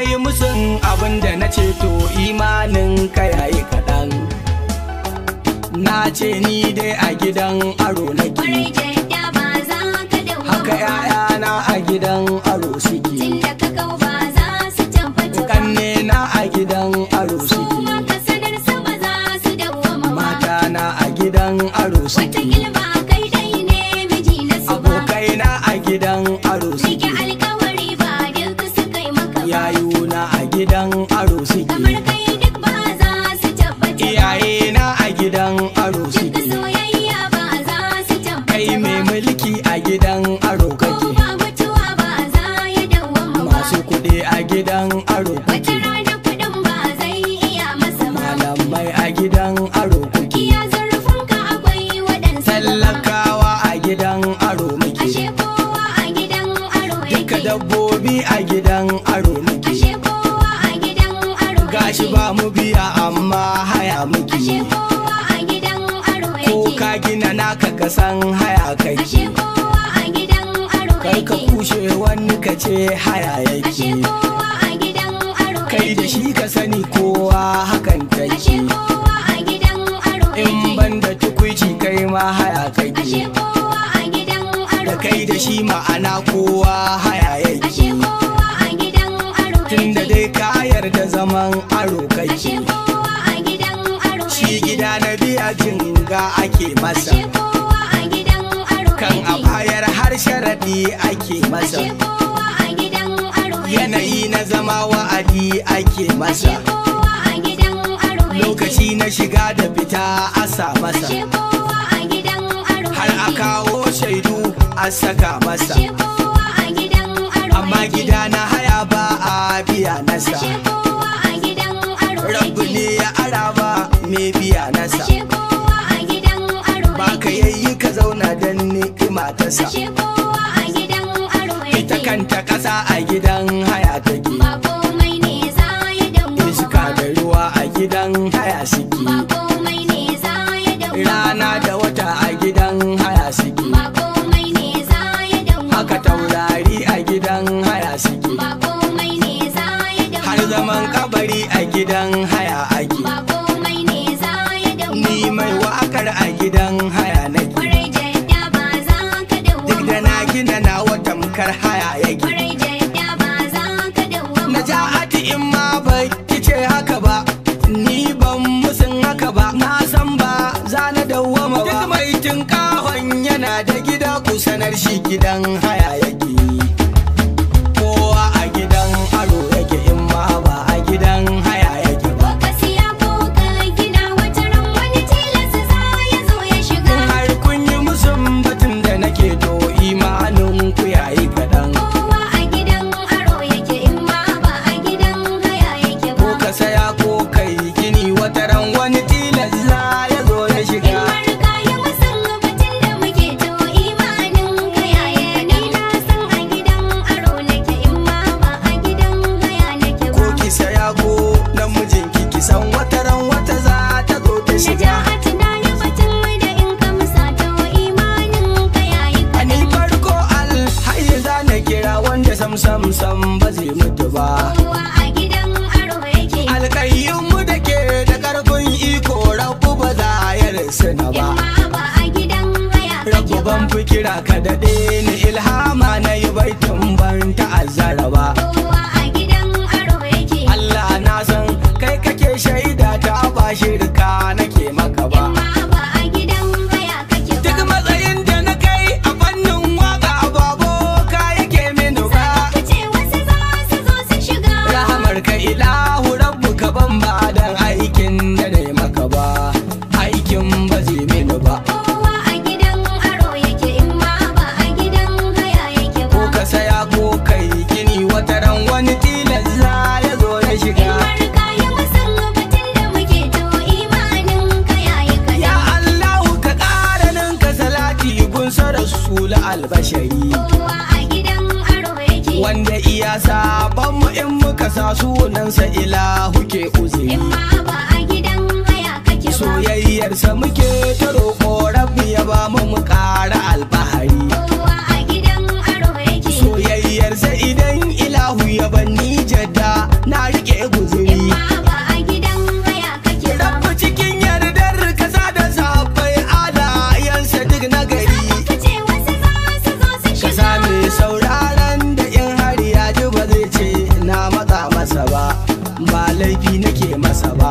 yi musun abin da na ce to imanin ka yayi kaɗan na ce ni dai a gidan aro ke haka ‘ya'yana a gidan aro suke kanne na a gidan aro suke mata na a gidan aro suke kuɗi a gidan aro wata rana kuɗin ba zai iya masa ba mai a gidan aro kuki ya zarafin ka akwai waɗansu tallakawa a gidan aro muke ashe kowa a gidan aro yake. duka dabbobi a gidan aro muke ashe kowa a gidan aro yake. gashi ba mu biya amma haya muke ashe kowa a gidan aro ko ka gina naka ka san haya kake ashe kowa ka kushe wani ka ce haya yake kai da shi ka sani kowa hakan take in ban da tukuici kai ma haya kake da kai da shi ma'ana kowa haya yake tunda dai ka yarda zaman aro kake shi gida na biya jinga ake masa wa'adi ake masa yanayi na zama wa'adi ake masa lokaci na shiga da fita asa masa har a kawo shaidu a saka masa amma gida na haya ba a biya nasa rabu ne ya araba me biya nasa ba ka yayi ka zauna don ni'ima ta sa kanta ƙasa a gidan haya take ba iska da ruwa a gidan haya suke ya rana da wata a gidan haya suke haka taurari a gidan haya suke har zaman kabari a gidan haya ake ni mai wakar a gidan haya da gida ku sanar shi gidan haya sam sam ba zai mutu ba a gidan aro yake mu da ke da ƙarfin iko rabu ba za a yarsu na ba rabu ban fi kira ka daɗe ni ilhama na yi baitin ban ta'azzara ba Allah na san kai kake shaida ta bashi da Allah sunansa ilahu ke uzi in ma ba a gidan haya kake ba soyayyarsa muke ta roƙo rabbi ya ba mu mu ƙara albahari kowa a gidan aro yake soyayyarsa idan ilahu ya ban ni jadda na rike guzi nasa ba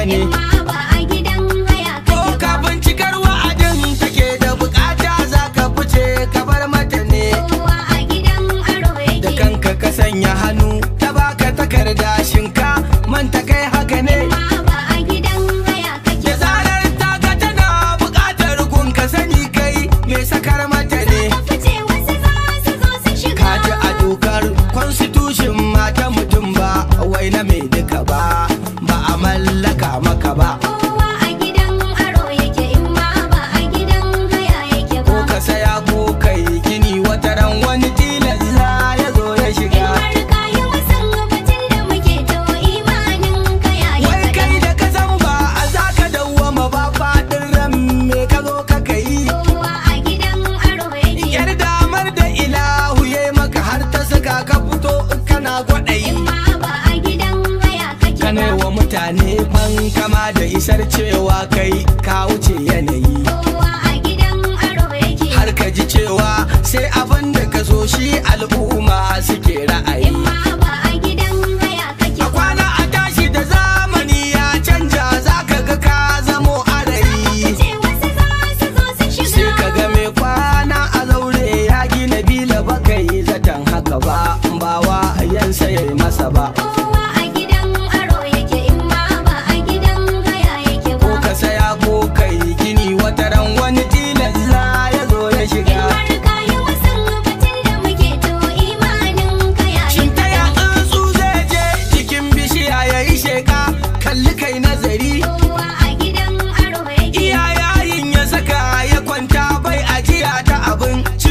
gani ko ka bincikar wa'adin take da bukata za ka fice ka bar mata ne da kanka ka sanya hannu ta baka takarda shinka manta kai ma da isar cewa kai ka wuce yanayi kowa a gidan aro yake har ka ji cewa sai abin da ka zo shi al'umma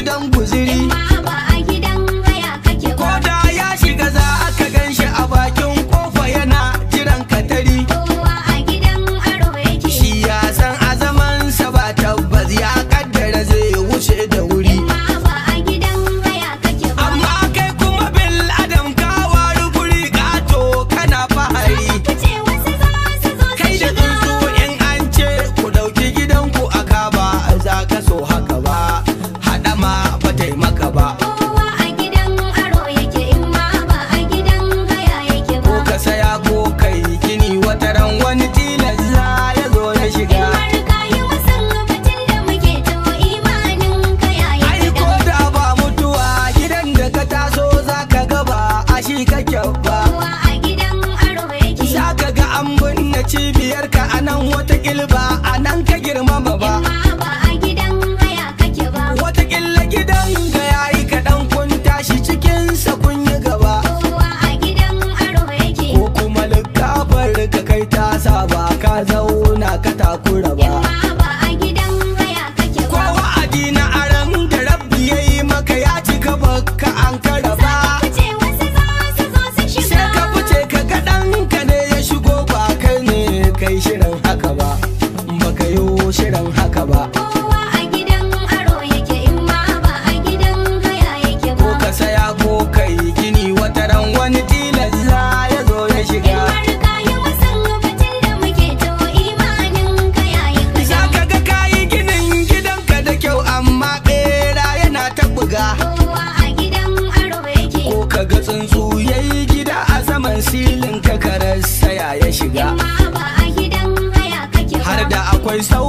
dan guziri san wata ba a nan ka girmama ba ya shiga har da akwai sau